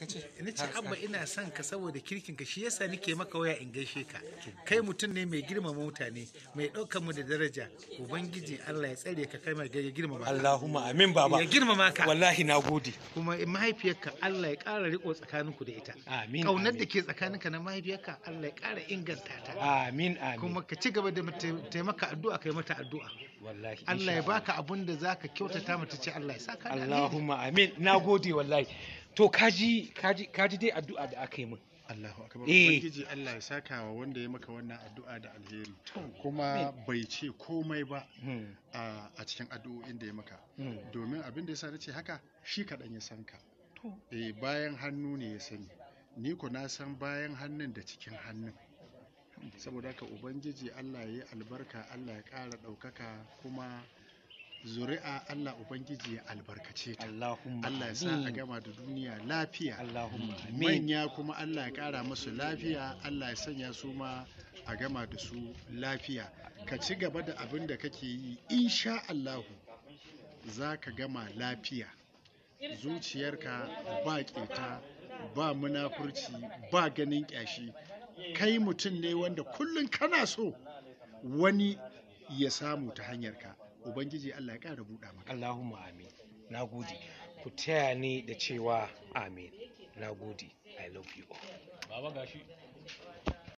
kace ina ce abba ina son ka saboda kirkin ka shi yasa nike maka waya in gaishe ka kai mutum ne mai girmama mutane mai daukar mu da daraja ubangiji Allah ya tsare ka kai mai girmama Allahumma amin baba ya girma ka wallahi nagode kuma mahaifiyarka Allah ya kara riko tsakaninku da ita amin kaunar da ke tsakaninka na mahaifiyarka Allah ya kara inganta ta amin amin kuma ka ci gaba da taimaka addu'a kai mata addu'a wallahi Allah ya baka abin da zaka kyautata mata ce Allah ya saka Allahumma amin nagode wallahi to kaji kaji kaji dai addu'a da aka yi min Allahu akbar eh. ubangiji Allah ya saka wa wanda ya maka wannan addu'a da alheri kuma bai ce komai ba hmm. a cikin addu'o'in da ya maka hmm. domin abin da yasa nace haka shi kaɗan ya san ka eh bayan hannu ne ya sani ni ko na san bayan hannun da cikin hannun saboda haka ubangiji Allah ya yi albarka Allah ya kara ɗaukaka kuma zuri'a Allah ubangiji ya albarkace ta Allah ya sa a gama da duniya lafiya manya kuma Allah ya kara musu lafiya Allah ya sanya su ma a gama da su lafiya ka ci gaba da abin da kake yi insha Allahu za ka gama lafiya zuciyarka ba keta ba munafurci ba ganin ƙyashi, kai mutum ne wanda kullum kana so wani ya samu ta hanyarka ubangiji Allah ya ƙara buɗa maka Allahumma amin na gode ku taya ni da cewa amin na gode i love you gashi